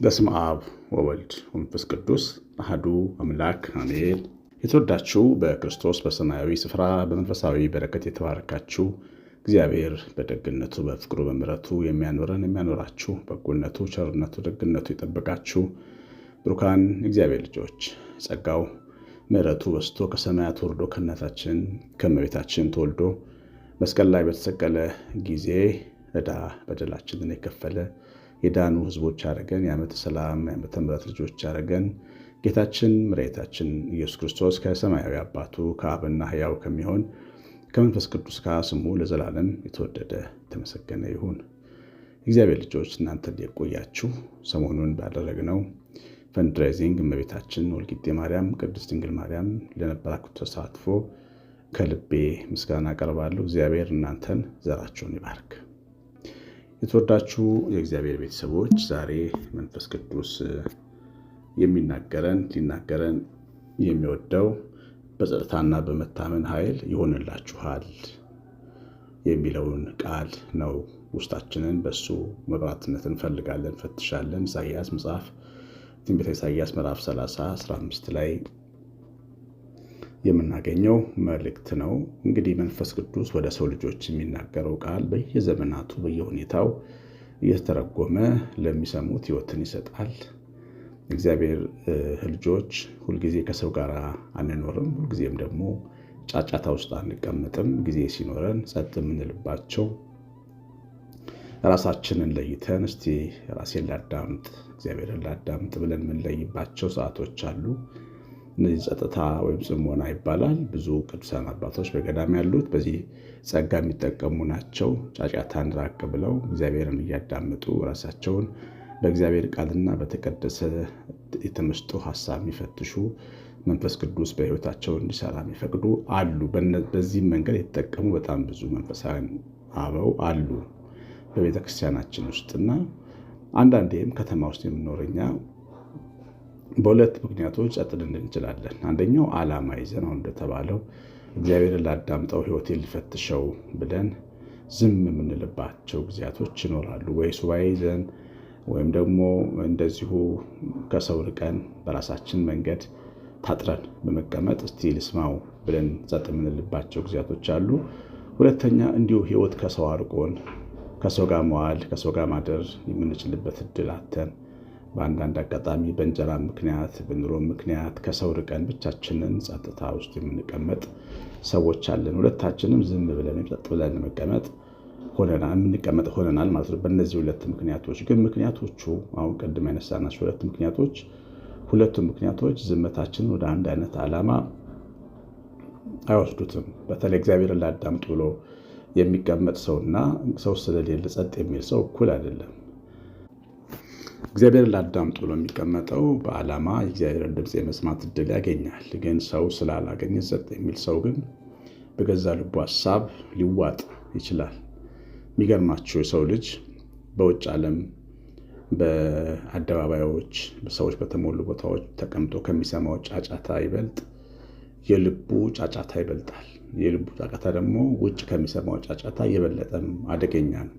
በስም አብ ወወልድ ወመንፈስ ቅዱስ አህዱ አምላክ አሜን። የተወዳችሁ በክርስቶስ በሰማያዊ ስፍራ በመንፈሳዊ በረከት የተባረካችሁ እግዚአብሔር በደግነቱ በፍቅሩ በምረቱ የሚያኖረን የሚያኖራችሁ በጎነቱ ቸርነቱ ደግነቱ የጠበቃችሁ ብሩካን እግዚአብሔር ልጆች ጸጋው ምሕረቱ ወስቶ ከሰማያት ወርዶ ከእናታችን ከእመቤታችን ተወልዶ መስቀል ላይ በተሰቀለ ጊዜ ዕዳ በደላችንን የከፈለ የዳኑ ሕዝቦች አረገን የዓመተ ሰላም የዓመተ ምሕረት ልጆች አረገን ጌታችን መድኃኒታችን ኢየሱስ ክርስቶስ ከሰማያዊ አባቱ ከአብና ሕያው ከሚሆን ከመንፈስ ቅዱስ ጋር ስሙ ለዘላለም የተወደደ የተመሰገነ ይሁን። እግዚአብሔር ልጆች እናንተ ቆያችሁ። ሰሞኑን ባደረግነው ፈንድራይዚንግ እመቤታችን ወልቂጤ ማርያም፣ ቅድስት ድንግል ማርያም ለነበራችሁ ተሳትፎ ከልቤ ምስጋና አቀርባለሁ። እግዚአብሔር እናንተን ዘራችሁን ይባርክ። የተወዳችሁ የእግዚአብሔር ቤተሰቦች ዛሬ መንፈስ ቅዱስ የሚናገረን ሊናገረን የሚወደው በጸጥታና በመታመን ኃይል ይሆንላችኋል የሚለውን ቃል ነው። ውስጣችንን በሱ መብራትነት እንፈልጋለን፣ ፈትሻለን። ኢሳያስ መጽሐፍ ትንቢተ ኢሳያስ ምዕራፍ 30 15 ላይ የምናገኘው መልእክት ነው። እንግዲህ መንፈስ ቅዱስ ወደ ሰው ልጆች የሚናገረው ቃል በየዘመናቱ በየሁኔታው እየተተረጎመ ለሚሰሙት ሕይወትን ይሰጣል። እግዚአብሔር ልጆች ሁልጊዜ ከሰው ጋር አንኖርም፣ ሁልጊዜም ደግሞ ጫጫታ ውስጥ አንቀመጥም። ጊዜ ሲኖረን ጸጥ የምንልባቸው ራሳችንን ለይተን እስቲ ራሴን ላዳምጥ፣ እግዚአብሔርን ላዳምጥ ብለን የምንለይባቸው ሰዓቶች አሉ። እነዚህ ጸጥታ ወይም ጽሞና ይባላል። ብዙ ቅዱሳን አባቶች በገዳም ያሉት በዚህ ጸጋ የሚጠቀሙ ናቸው። ጫጫታን ራቅ ብለው እግዚአብሔርን እያዳመጡ ራሳቸውን በእግዚአብሔር ቃልና በተቀደሰ የተመስጦ ሀሳብ የሚፈትሹ መንፈስ ቅዱስ በሕይወታቸው እንዲሰራ የሚፈቅዱ አሉ። በዚህም መንገድ የተጠቀሙ በጣም ብዙ መንፈሳዊ አበው አሉ። በቤተ ክርስቲያናችን ውስጥና አንዳንዴም ከተማ ውስጥ የምኖረኛ በሁለት ምክንያቶች ጸጥልን እንችላለን። አንደኛው ዓላማ ይዘን አሁን እንደተባለው እግዚአብሔርን ላዳምጠው ሕይወቴን ልፈትሸው ብለን ዝም የምንልባቸው ጊዜያቶች ይኖራሉ። ወይ ሱባኤ ይዘን ወይም ደግሞ እንደዚሁ ከሰው ርቀን በራሳችን መንገድ ታጥረን በመቀመጥ እስቲ ልስማው ብለን ጸጥ የምንልባቸው ጊዜያቶች አሉ። ሁለተኛ እንዲሁ ህይወት ከሰው አርቆን ከሰው ጋር መዋል ከሰው ጋር ማደር የምንችልበት እድል አተን በአንዳንድ አጋጣሚ በእንጀራ ምክንያት በኑሮ ምክንያት ከሰው ርቀን ብቻችንን ጸጥታ ውስጥ የምንቀመጥ ሰዎች አለን። ሁለታችንም ዝም ብለን ጸጥ ብለን መቀመጥ የምንቀመጥ ሆነናል ማለት ነው። በእነዚህ ሁለት ምክንያቶች ግን ምክንያቶቹ አሁን ቅድም ያነሳናቸው ሁለት ምክንያቶች ሁለቱም ምክንያቶች ዝምታችንን ወደ አንድ አይነት ዓላማ አይወስዱትም። በተለይ እግዚአብሔርን ላዳምጡ ብሎ የሚቀመጥ ሰውና ሰው ስለሌለ ጸጥ የሚል ሰው እኩል አይደለም። እግዚአብሔር ላዳምጥ ጥሎ የሚቀመጠው በዓላማ የእግዚአብሔርን ድምፅ የመስማት እድል ያገኛል። ግን ሰው ስላላገኘ ጸጥ የሚል ሰው ግን በገዛ ልቡ ሀሳብ ሊዋጥ ይችላል። የሚገርማችሁ የሰው ልጅ በውጭ ዓለም በአደባባዮች፣ ሰዎች በተሞሉ ቦታዎች ተቀምጦ ከሚሰማው ጫጫታ ይበልጥ የልቡ ጫጫታ ይበልጣል። የልቡ ጫጫታ ደግሞ ውጭ ከሚሰማው ጫጫታ የበለጠም አደገኛ ነው።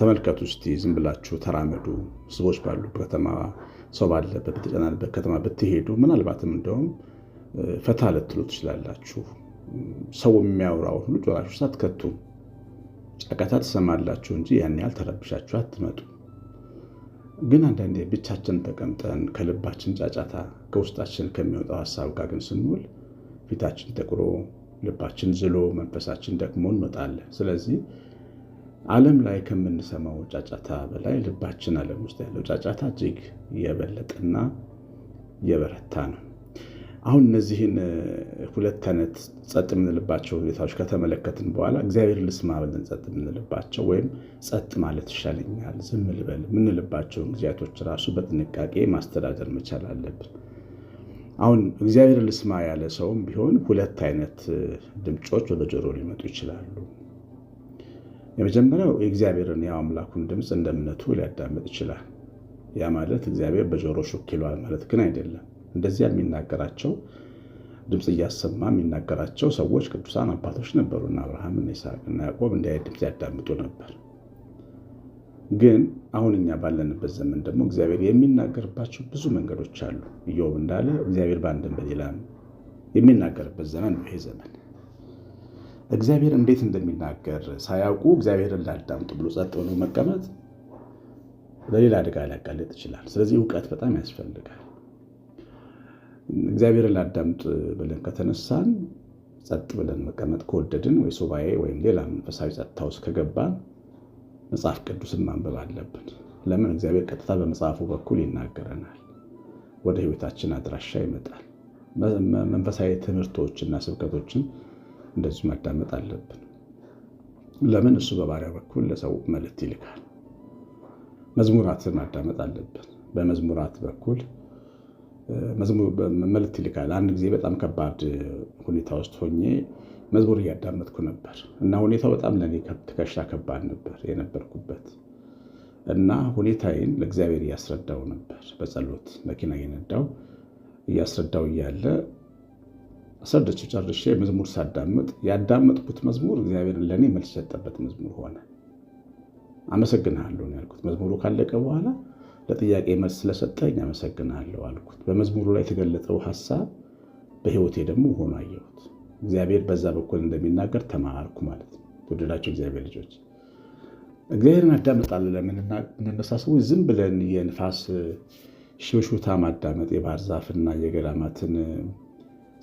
ተመልከቱ እስቲ፣ ዝም ብላችሁ ተራመዱ። ህዝቦች ባሉበት ከተማ፣ ሰው ባለበት በተጨናነበት ከተማ ብትሄዱ ምናልባትም እንደውም ፈታ ልትሉ ትችላላችሁ። ሰው የሚያወራው ሁሉ ጆሯችሁ ሳትከቱ ጫቃታ ትሰማላችሁ እንጂ ያን ያህል ተረብሻችሁ አትመጡ። ግን አንዳንዴ ብቻችን ተቀምጠን ከልባችን ጫጫታ ከውስጣችን ከሚወጣው ሀሳብ ጋር ግን ስንውል ፊታችን ጠቁሮ ልባችን ዝሎ መንፈሳችን ደክሞ እንወጣለን። ስለዚህ ዓለም ላይ ከምንሰማው ጫጫታ በላይ ልባችን ዓለም ውስጥ ያለው ጫጫታ እጅግ የበለጠና የበረታ ነው። አሁን እነዚህን ሁለት አይነት ጸጥ የምንልባቸው ሁኔታዎች ከተመለከትን በኋላ እግዚአብሔር ልስማ ብለን ጸጥ የምንልባቸው ወይም ጸጥ ማለት ይሻለኛል፣ ዝም ልበል የምንልባቸውን ጊዜያቶች ራሱ በጥንቃቄ ማስተዳደር መቻል አለብን። አሁን እግዚአብሔር ልስማ ያለ ሰውም ቢሆን ሁለት አይነት ድምፆች ወደ ጆሮ ሊመጡ ይችላሉ። የመጀመሪያው የእግዚአብሔርን ያው አምላኩን ድምፅ እንደ እምነቱ ሊያዳምጥ ይችላል። ያ ማለት እግዚአብሔር በጆሮ ሹክ ይለዋል ማለት ግን አይደለም። እንደዚያ የሚናገራቸው ድምፅ እያሰማ የሚናገራቸው ሰዎች ቅዱሳን አባቶች ነበሩና አብርሃም፣ ይስሐቅና ያዕቆብ እንዲህ ድምፅ ያዳምጡ ነበር። ግን አሁን እኛ ባለንበት ዘመን ደግሞ እግዚአብሔር የሚናገርባቸው ብዙ መንገዶች አሉ። ኢዮብ እንዳለ እግዚአብሔር በአንድም በሌላም የሚናገርበት ዘመን ነው። ይሄ ዘመን እግዚአብሔር እንዴት እንደሚናገር ሳያውቁ እግዚአብሔርን ላዳምጡ ብሎ ጸጥ ብሎ መቀመጥ ለሌላ አደጋ ሊያጋልጥ ይችላል። ስለዚህ እውቀት በጣም ያስፈልጋል። እግዚአብሔርን ላዳምጥ ብለን ከተነሳን ጸጥ ብለን መቀመጥ ከወደድን ወይ ሱባኤ ወይም ሌላ መንፈሳዊ ጸጥታ ውስጥ ከገባን መጽሐፍ ቅዱስን ማንበብ አለብን። ለምን? እግዚአብሔር ቀጥታ በመጽሐፉ በኩል ይናገረናል። ወደ ህይወታችን አድራሻ ይመጣል። መንፈሳዊ ትምህርቶችና ስብከቶችን እንደዚሁ ማዳመጥ አለብን። ለምን? እሱ በባሪያ በኩል ለሰው መልእክት ይልካል። መዝሙራትን ማዳመጥ አለብን። በመዝሙራት በኩል መልእክት ይልካል። አንድ ጊዜ በጣም ከባድ ሁኔታ ውስጥ ሆኜ መዝሙር እያዳመጥኩ ነበር እና ሁኔታው በጣም ለእኔ ትከሻ ከባድ ነበር የነበርኩበት እና ሁኔታዬን ለእግዚአብሔር እያስረዳው ነበር በጸሎት መኪና እየነዳው እያስረዳው እያለ አስረደች ጨርሼ መዝሙር ሳዳምጥ ያዳመጥኩት መዝሙር እግዚአብሔር ለእኔ መልስ የሰጠበት መዝሙር ሆነ። አመሰግናለሁ ያልኩት መዝሙሩ ካለቀ በኋላ ለጥያቄ መልስ ስለሰጠኝ አመሰግናለሁ አልኩት። በመዝሙሩ ላይ የተገለጠው ሀሳብ በህይወቴ ደግሞ ሆኖ አየሁት። እግዚአብሔር በዛ በኩል እንደሚናገር ተማርኩ ማለት ነው። ወደዳቸው እግዚአብሔር ልጆች እግዚአብሔርን አዳመጣለ ለምንነሳ ሰዎች ዝም ብለን የንፋስ ሽሹታ ማዳመጥ የባህር ዛፍና የገዳማትን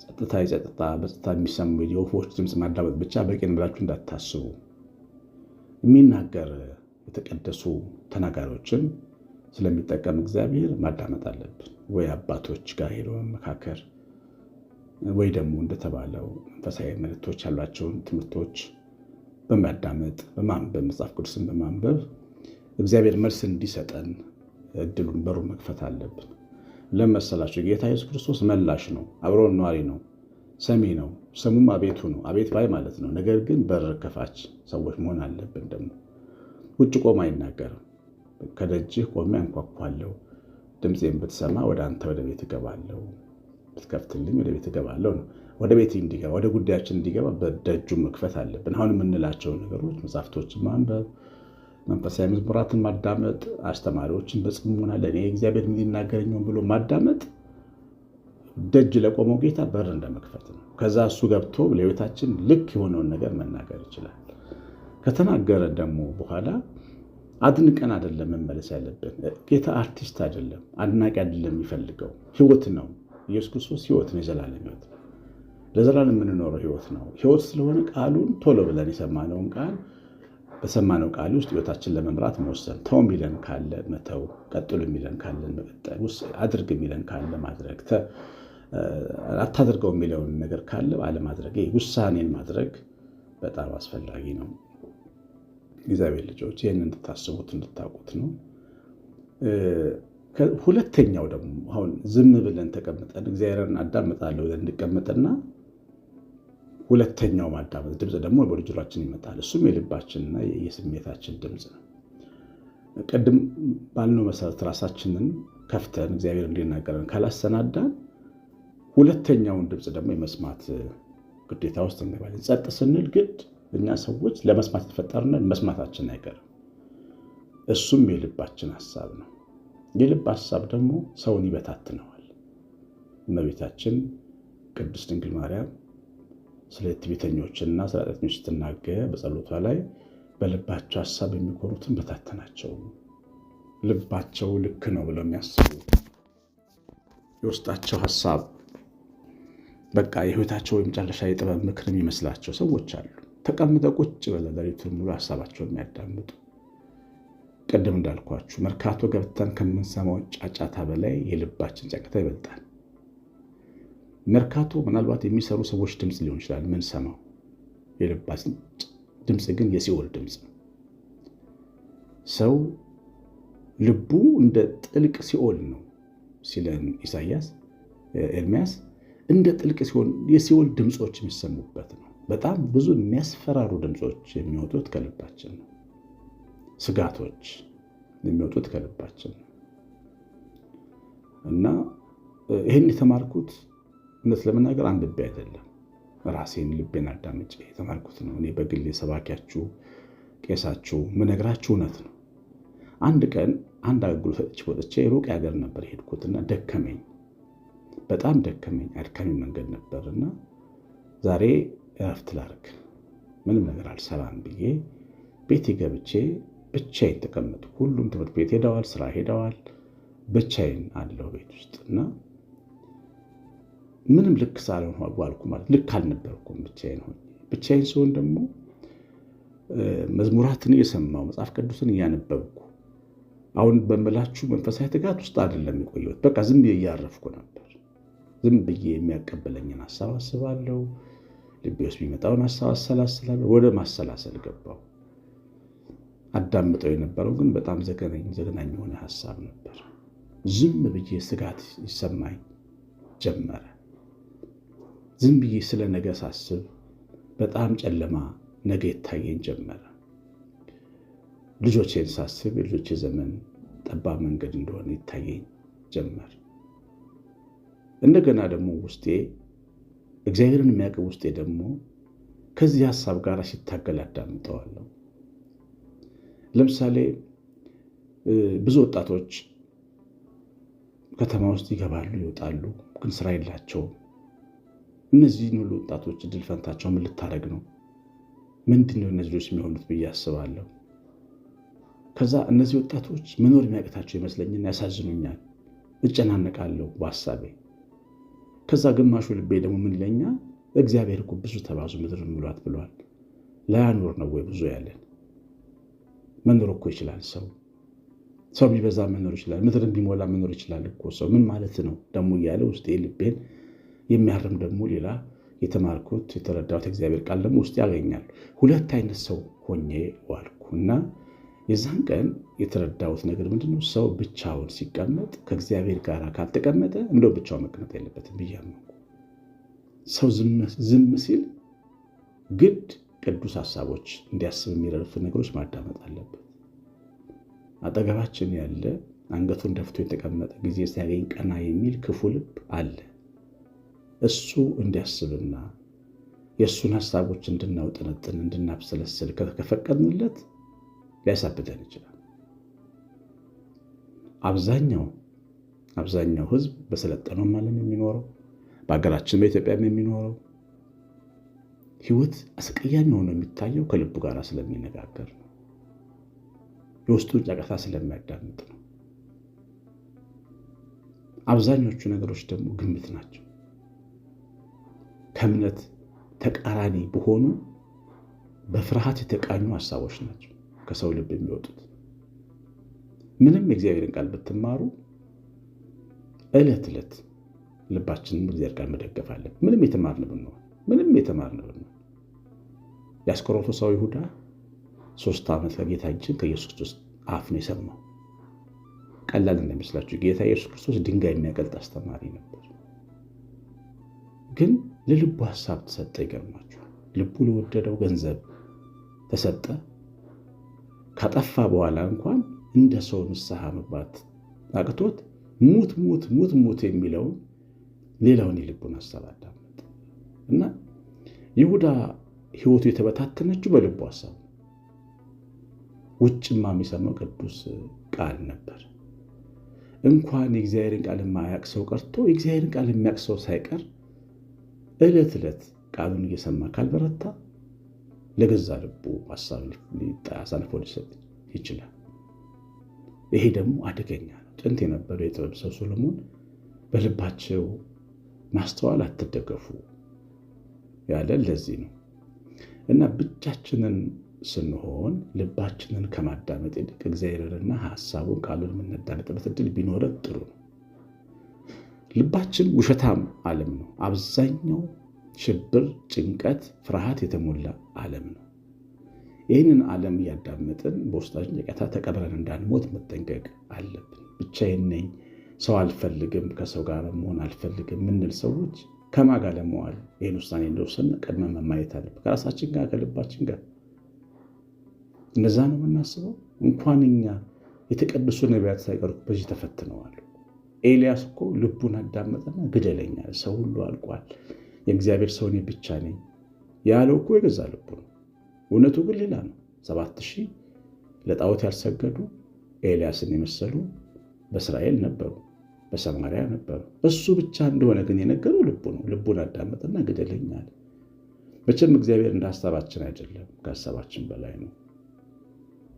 ጸጥታ የጸጥታ በጸጥታ የሚሰሙ የወፎች ድምፅ ማዳመጥ ብቻ በቂ ነው ብላችሁ እንዳታስቡ። የሚናገር የተቀደሱ ተናጋሪዎችን ስለሚጠቀም እግዚአብሔር ማዳመጥ አለብን ወይ አባቶች ጋር ሄዶ መመካከር ወይ ደግሞ እንደተባለው መንፈሳዊ መልእክቶች ያሏቸውን ትምህርቶች በማዳመጥ በማንበብ መጽሐፍ ቅዱስን በማንበብ እግዚአብሔር መልስ እንዲሰጠን እድሉን በሩ መክፈት አለብን። ለመሰላቸው ጌታ ኢየሱስ ክርስቶስ መላሽ ነው፣ አብሮን ነዋሪ ነው፣ ሰሚ ነው፣ ስሙም አቤቱ ነው፣ አቤት ባይ ማለት ነው። ነገር ግን በር ከፋች ሰዎች መሆን አለብን። ደግሞ ውጭ ቆም አይናገርም። ከደጅህ ቆሜ አንኳኳለሁ፣ ድምፄን ብትሰማ ወደ አንተ ወደ ቤት እገባለሁ ብትከፍትልኝ ወደ ቤት እገባለሁ ነው። ወደ ቤት እንዲገባ ወደ ጉዳያችን እንዲገባ በደጁ መክፈት አለብን። አሁን የምንላቸው ነገሮች መጽሐፍቶችን ማንበብ፣ መንፈሳዊ መዝሙራትን ማዳመጥ፣ አስተማሪዎችን በጽሙና ለእኔ እግዚአብሔር ሊናገረኛውን ብሎ ማዳመጥ ደጅ ለቆመው ጌታ በር እንደመክፈት ነው። ከዛ እሱ ገብቶ ለቤታችን ልክ የሆነውን ነገር መናገር ይችላል። ከተናገረ ደግሞ በኋላ አድንቀን አይደለም መመለስ ያለብን። ጌታ አርቲስት አይደለም፣ አድናቂ አይደለም። የሚፈልገው ህይወት ነው። ኢየሱስ ክርስቶስ ህይወት ነው፣ የዘላለም ህይወት ለዘላለም የምንኖረው ህይወት ነው። ህይወት ስለሆነ ቃሉን ቶሎ ብለን የሰማነውን ቃል በሰማነው ቃል ውስጥ ህይወታችን ለመምራት መወሰን፣ ተው የሚለን ካለ መተው፣ ቀጥሎ የሚለን ካለ መቀጠል፣ አድርግ የሚለን ካለ ማድረግ፣ አታድርገው የሚለውን ነገር ካለ አለማድረግ፣ ውሳኔን ማድረግ በጣም አስፈላጊ ነው። እግዚአብሔር ልጆች ይህን እንድታስቡት እንድታውቁት ነው። ሁለተኛው ደግሞ አሁን ዝም ብለን ተቀምጠን እግዚአብሔርን አዳምጣለሁ ብለን እንቀመጥና ሁለተኛው ማዳመጥ ድምፅ ደግሞ በጆሯችን ይመጣል። እሱም የልባችንና የስሜታችን ድምፅ ነው። ቅድም ባልነው መሰረት ራሳችንን ከፍተን እግዚአብሔር እንዲናገረን ካላሰናዳን ሁለተኛውን ድምፅ ደግሞ የመስማት ግዴታ ውስጥ እንገባለን። ጸጥ ስንል ግድ እኛ ሰዎች ለመስማት የተፈጠርነን መስማታችን አይቀርም። እሱም የልባችን ሀሳብ ነው። የልብ ሀሳብ ደግሞ ሰውን ይበታትነዋል። እመቤታችን ቅድስት ድንግል ማርያም ስለ ትዕቢተኞችና ስለ ኃጢአተኞች ስትናገር በጸሎቷ ላይ በልባቸው ሀሳብ የሚኮሩትን በታተናቸው። ልባቸው ልክ ነው ብለው የሚያስቡ የውስጣቸው ሀሳብ በቃ የህይወታቸው ወይም የጥበብ ምክር የሚመስላቸው ሰዎች አሉ። ተቀምጠው ቁጭ ብለው ሌሊቱን ሙሉ ሀሳባቸው የሚያዳምጡ ቅድም እንዳልኳችሁ መርካቶ ገብተን ከምንሰማው ጫጫታ በላይ የልባችን ጫጫታ ይበልጣል። መርካቶ ምናልባት የሚሰሩ ሰዎች ድምፅ ሊሆን ይችላል ምንሰማው የልባችን ድምፅ ግን የሲኦል ድምፅ ነው። ሰው ልቡ እንደ ጥልቅ ሲኦል ነው ሲለን ኢሳያስ ኤርሚያስ እንደ ጥልቅ ሲሆን የሲኦል ድምፆች የሚሰሙበት ነው። በጣም ብዙ የሚያስፈራሩ ድምፆች የሚወጡት ከልባችን ነው። ስጋቶች የሚወጡት ከልባችን እና ይህን የተማርኩት እውነት ለመናገር አንብቤ አይደለም፣ ራሴን ልቤን አዳምጬ የተማርኩት ነው። እኔ በግሌ ሰባኪያችሁ፣ ቄሳችሁ ምነግራችሁ እውነት ነው። አንድ ቀን አንድ አገልግሎት ወጥቼ ሩቅ ሀገር ነበር የሄድኩትና ደከመኝ፣ በጣም ደከመኝ። አድካሚ መንገድ እና ዛሬ እረፍት ላርግ ምንም ነገር አልሰራም ብዬ ቤቴ ገብቼ ብቻዬን ተቀመጥኩ ሁሉም ትምህርት ቤት ሄደዋል፣ ስራ ሄደዋል። ብቻዬን አለው ቤት ውስጥ እና ምንም ልክ ሳልሆን ዋልኩ። ማለት ልክ አልነበርኩም ብቻዬን ሆኜ። ብቻዬን ሲሆን ደግሞ መዝሙራትን እየሰማው መጽሐፍ ቅዱስን እያነበብኩ አሁን በምላችሁ መንፈሳዊ ትጋት ውስጥ አይደለም የቆየሁት። በቃ ዝም ብዬ እያረፍኩ ነበር። ዝም ብዬ የሚያቀበለኝን ሀሳብ ልቤ ውስጥ የሚመጣውን ሀሳብ ወደ ማሰላሰል ገባው አዳምጠው የነበረው ግን በጣም ዘገናኝ ዘገናኝ የሆነ ሀሳብ ነበር። ዝም ብዬ ስጋት ይሰማኝ ጀመረ። ዝም ብዬ ስለ ነገ ሳስብ በጣም ጨለማ ነገ ይታየኝ ጀመረ። ልጆቼን ሳስብ የልጆቼ ዘመን ጠባብ መንገድ እንደሆነ ይታየኝ ጀመር። እንደገና ደግሞ ውስጤ እግዚአብሔርን የሚያውቅ ውስጤ ደግሞ ከዚህ ሀሳብ ጋር ሲታገል አዳምጠዋለሁ። ለምሳሌ ብዙ ወጣቶች ከተማ ውስጥ ይገባሉ፣ ይወጣሉ፣ ግን ስራ የላቸውም። እነዚህን ሁሉ ወጣቶች እድል ፈንታቸው ምን ልታደርግ ነው? ምንድን ነው እነዚህ ልጆች የሚሆኑት ብዬ አስባለሁ። ከዛ እነዚህ ወጣቶች መኖር የሚያቅታቸው ይመስለኝና ያሳዝኑኛል፣ እጨናነቃለሁ በሀሳቤ። ከዛ ግማሹ ልቤ ደግሞ ምን እግዚአብሔር እኮ ብዙ ተባዙ ምድር ምሏት ብሏል። ላያኖር ነው ወይ ብዙ ያለን መኖር እኮ ይችላል ሰው ሰው ቢበዛ መኖር ይችላል። ምድርን ቢሞላ መኖር ይችላል እኮ ሰው። ምን ማለት ነው ደግሞ እያለ ውስጤ ልቤን የሚያርም ደግሞ ሌላ የተማርኩት የተረዳሁት እግዚአብሔር ቃል ደግሞ ውስጥ ያገኛል። ሁለት አይነት ሰው ሆኜ እና የዛን ቀን የተረዳሁት ነገር ምንድነው ሰው ብቻውን ሲቀመጥ ከእግዚአብሔር ጋር ካልተቀመጠ እንደው ብቻው መቀመጥ የለበትም ብያመንኩ። ሰው ዝም ሲል ግድ ቅዱስ ሀሳቦች እንዲያስብ የሚረዱትን ነገሮች ማዳመጥ አለብን። አጠገባችን ያለ አንገቱን ደፍቶ የተቀመጠ ጊዜ ሲያገኝ ቀና የሚል ክፉ ልብ አለ። እሱ እንዲያስብና የእሱን ሀሳቦች እንድናውጠነጥን እንድናብሰለስል ከፈቀድንለት ሊያሳብደን ይችላል። አብዛኛው አብዛኛው ህዝብ በሰለጠነው ዓለም የሚኖረው በሀገራችን በኢትዮጵያም የሚኖረው ህይወት አስቀያሚ ሆኖ የሚታየው ከልቡ ጋር ስለሚነጋገር ነው። የውስጡን ጫቀታ ስለሚያዳምጥ ነው። አብዛኞቹ ነገሮች ደግሞ ግምት ናቸው። ከእምነት ተቃራኒ በሆኑ በፍርሃት የተቃኙ ሀሳቦች ናቸው ከሰው ልብ የሚወጡት። ምንም የእግዚአብሔርን ቃል ብትማሩ ዕለት ዕለት ልባችንን እግዚአብሔር ጋር መደገፍ አለን። ምንም የተማርን ብንሆን ምንም የተማርን የአስቆሮቱ ሰው ይሁዳ ሶስት ዓመት ከጌታ ከኢየሱስ ክርስቶስ አፍ ነው የሰማው። ቀላል እንደሚመስላችሁ ጌታ ኢየሱስ ክርስቶስ ድንጋይ የሚያቀልጥ አስተማሪ ነበር። ግን ለልቡ ሀሳብ ተሰጠ። ይገርማችኋል። ልቡ ለወደደው ገንዘብ ተሰጠ። ከጠፋ በኋላ እንኳን እንደ ሰው ንስሐ መግባት አቅቶት ሙት ሙት ሙት ሙት የሚለውን ሌላውን የልቡን ሀሳብ አዳመጠ እና ይሁዳ ህይወቱ የተበታተነችው በልቡ ሀሳብ ውጭማ የሚሰማው ቅዱስ ቃል ነበር። እንኳን የእግዚአብሔርን ቃል የማያቅ ሰው ቀርቶ የእግዚአብሔርን ቃል የሚያቅ ሰው ሳይቀር እለት እለት ቃሉን እየሰማ ካልበረታ ለገዛ ልቡ ሀሳብ አሳልፎ ሊሰጥ ይችላል። ይሄ ደግሞ አደገኛ ነው። ጭንት የነበረው የጥበብ ሰው ሶሎሞን በልባቸው ማስተዋል አትደገፉ ያለ ለዚህ ነው። እና ብቻችንን ስንሆን ልባችንን ከማዳመጥ ይልቅ እግዚአብሔርንና ሀሳቡን ቃሉን የምናዳመጥበት እድል ቢኖረን ጥሩ ነው። ልባችን ውሸታም ዓለም ነው። አብዛኛው ሽብር፣ ጭንቀት፣ ፍርሃት የተሞላ ዓለም ነው። ይህንን ዓለም እያዳመጥን በውስጣችን ጭቀታ ተቀብረን እንዳንሞት መጠንቀቅ አለብን። ብቻዬን ነኝ፣ ሰው አልፈልግም፣ ከሰው ጋር መሆን አልፈልግም የምንል ሰዎች ከማን ጋር ለመዋል ይህን ውሳኔ እንደወሰን መማየት አለብን። ከራሳችን ጋር ከልባችን ጋር እንደዛ ነው የምናስበው። እንኳን እኛ የተቀደሱ ነቢያት ሳይቀር በዚህ ተፈትነዋል። ኤልያስ እኮ ልቡን አዳመጠና ግደለኛል፣ ሰው ሁሉ አልቋል፣ የእግዚአብሔር ሰው እኔ ብቻ ነኝ ያለው እኮ የገዛ ልቡ ነው። እውነቱ ግን ሌላ ነው። ሰባት ሺህ ለጣዖት ያልሰገዱ ኤልያስን የመሰሉ በእስራኤል ነበሩ። በሰማርያ ነበሩ። እሱ ብቻ እንደሆነ ግን የነገረው ልቡ ነው። ልቡን አዳመጠና ግደለኛል። መቼም እግዚአብሔር እንደ ሀሳባችን አይደለም፣ ከሀሳባችን በላይ ነው።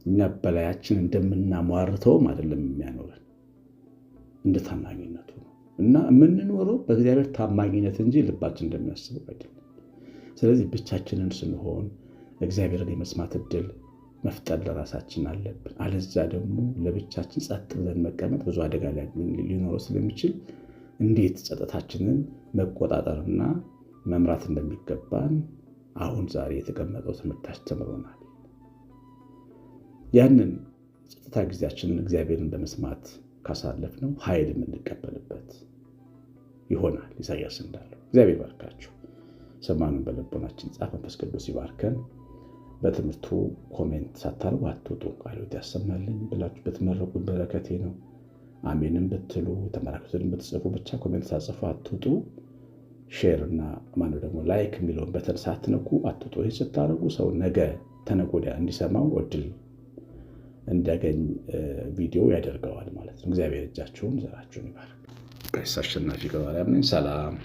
እኛ በላያችን እንደምናሟርተውም አይደለም የሚያኖረን እንደ ታማኝነቱ ነው እና የምንኖረው በእግዚአብሔር ታማኝነት እንጂ ልባችን እንደሚያስበው አይደለም። ስለዚህ ብቻችንን ስንሆን እግዚአብሔርን የመስማት እድል መፍጠር ለራሳችን አለብን። አለዛ ደግሞ ለብቻችን ጸጥ ብለን መቀመጥ ብዙ አደጋ ሊኖረው ስለሚችል እንዴት ጸጥታችንን መቆጣጠርና መምራት እንደሚገባን አሁን ዛሬ የተቀመጠው ትምህርት አስተምሮናል። ያንን ጸጥታ ጊዜያችንን እግዚአብሔርን በመስማት ካሳለፍ ነው ኃይል የምንቀበልበት ይሆናል። ኢሳያስ እንዳለው እግዚአብሔር ባርካችሁ፣ ሰማኑን በልቦናችን ጻፍ። መንፈስ ቅዱስ ይባርከን። በትምህርቱ ኮሜንት ሳታርጉ አትውጡ። ቃሉት ያሰማልኝ ብላችሁ በተመረቁ በረከቴ ነው። አሜንም ብትሉ ተመራክቶትን ብትጽፉ ብቻ ኮሜንት ሳጽፉ አትውጡ። ሼር እና ማነው ደግሞ ላይክ የሚለውን በተን ሳትነኩ አትውጡ። ይህ ስታደርጉ ሰው ነገ ተነጎዳ እንዲሰማው እድል እንዲያገኝ ቪዲዮ ያደርገዋል ማለት ነው። እግዚአብሔር እጃችሁን ዘራችሁን ይባርክ። ቀሲስ አሸናፊ ነኝ። ሰላም